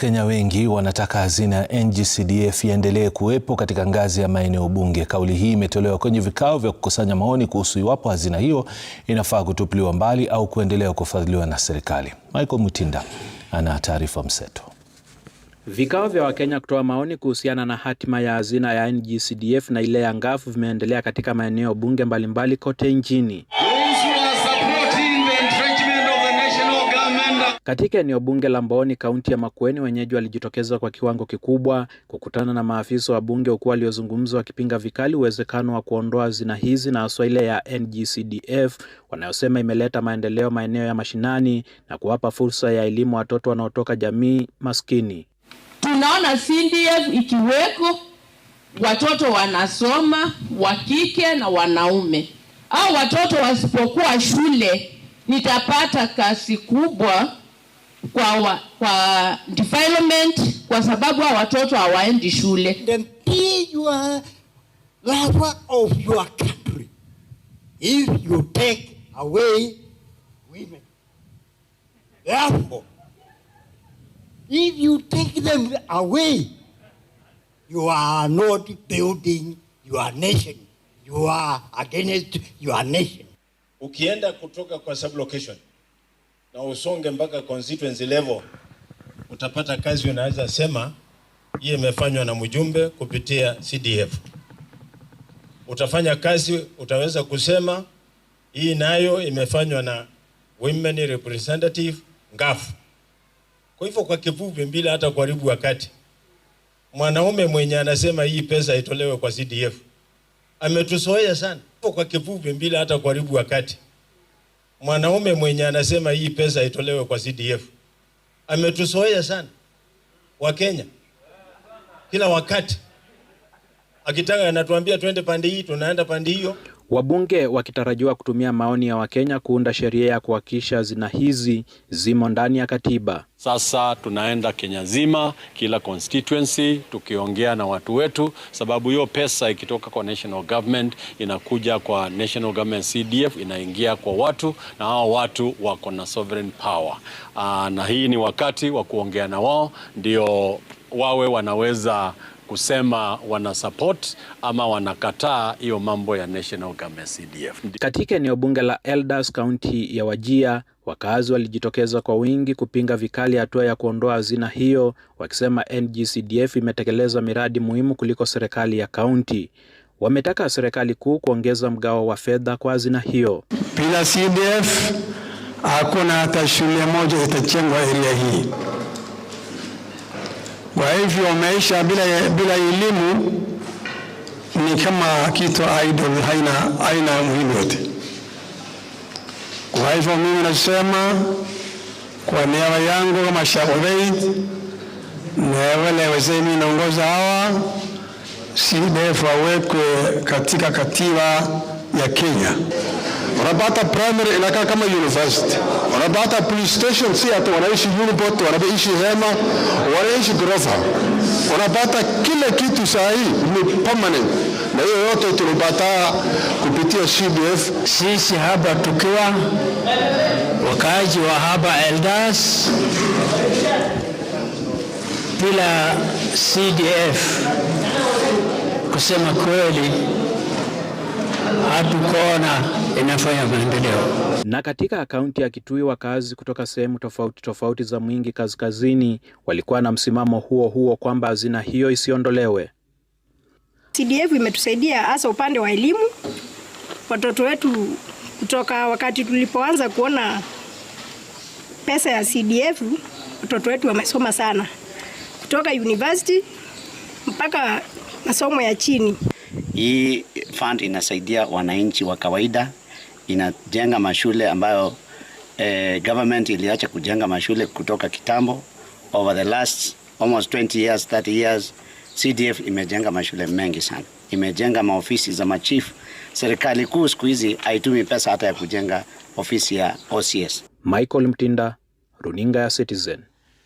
Kenya wengi wanataka hazina ya NG-CDF iendelee kuwepo katika ngazi ya maeneo bunge. Kauli hii imetolewa kwenye vikao vya kukusanya maoni kuhusu iwapo hazina hiyo inafaa kutupiliwa mbali au kuendelea kufadhiliwa na serikali. Michael Mutinda ana taarifa mseto. Vikao vya Wakenya kutoa maoni kuhusiana na hatima ya hazina ya NG-CDF na ile ya ngafu vimeendelea katika maeneo bunge mbalimbali mbali kote nchini. Katika eneo bunge la Mbooni, kaunti ya Makueni, wenyeji walijitokeza kwa kiwango kikubwa kukutana na maafisa wa bunge, huku waliozungumza wakipinga vikali uwezekano wa kuondoa zina hizi na haswa ile ya NGCDF wanayosema imeleta maendeleo maeneo ya mashinani na kuwapa fursa ya elimu watoto wanaotoka jamii maskini. Tunaona CDF ikiweko, watoto wanasoma wa kike na wanaume. Au watoto wasipokuwa shule nitapata kasi kubwa kwa, kwa defilement kwa sababu hao watoto hawaendi shule. Then be your lover of your country if you take away women. Therefore, if you take them away, you are not building your nation. You are against your nation. Ukienda kutoka kwa sublocation na usonge mpaka constituency level, utapata kazi unaweza sema hii imefanywa na mjumbe kupitia CDF. Utafanya kazi utaweza kusema hii nayo imefanywa na women representative ngafu. Kwa hivyo kwa kifupi, bila hata kuharibu wakati, mwanaume mwenye anasema hii pesa itolewe kwa CDF ametusoea sana. Kwa kifupi, bila hata kuharibu wakati mwanaume mwenye anasema hii pesa itolewe kwa CDF ametusoea sana wa kenya kila wakati akitaka anatuambia twende pande hii, tunaenda pande hiyo. Wabunge wakitarajiwa kutumia maoni ya Wakenya kuunda sheria ya kuhakikisha zina hizi zimo ndani ya katiba. Sasa tunaenda Kenya zima, kila constituency, tukiongea na watu wetu, sababu hiyo pesa ikitoka kwa national government inakuja kwa national government CDF, inaingia kwa watu, na hao watu wako na sovereign power. Aa, ah, na hii ni wakati wa kuongea na wao ndio wawe wanaweza kusema wana support ama wanakataa hiyo mambo ya national Government CDF. Katika eneo bunge la Eldas kaunti ya Wajia, wakazi walijitokeza kwa wingi kupinga vikali hatua ya kuondoa hazina hiyo, wakisema NGCDF imetekeleza miradi muhimu kuliko serikali ya kaunti. Wametaka serikali kuu kuongeza mgao wa fedha kwa hazina hiyo. Bila CDF hakuna hata shule moja itachengwa area hii. Kwa hivyo maisha bila, bila elimu ni kama kitu idol, haina haina muhimu yote. Kwa hivyo mimi nasema kwa niaba yangu kama Sheikh Ubeid na wale wazee mimi naongoza hawa CDF wawekwe katika katiba ya Kenya wanapata primary inakaa kama university, wanapata police station, si hata wanaishi unipot, wanaishi hema, wanaishi gorofa, wanapata kila kitu saa hii ni permanent, na hiyo yote tulipata kupitia CDF. Sisi hapa tukiwa wakaaji wa hapa Eldas bila CDF, kusema kweli hatukona inafanya maendeleo. Na katika kaunti ya Kitui, wakazi kutoka sehemu tofauti tofauti za Mwingi Kaskazini walikuwa na msimamo huo huo kwamba hazina hiyo isiondolewe. CDF imetusaidia hasa upande wa elimu, watoto wetu kutoka wakati tulipoanza kuona pesa ya CDF, watoto wetu wamesoma sana kutoka university mpaka masomo ya chini. Hii Fund inasaidia wananchi wa kawaida, inajenga mashule ambayo eh, government iliacha kujenga mashule kutoka kitambo. Over the last almost 20 years, 30 years, CDF imejenga mashule mengi sana, imejenga maofisi za machief Serikali kuu siku hizi haitumi pesa hata ya kujenga ofisi ya OCS. Michael Mtinda, Runinga ya Citizen.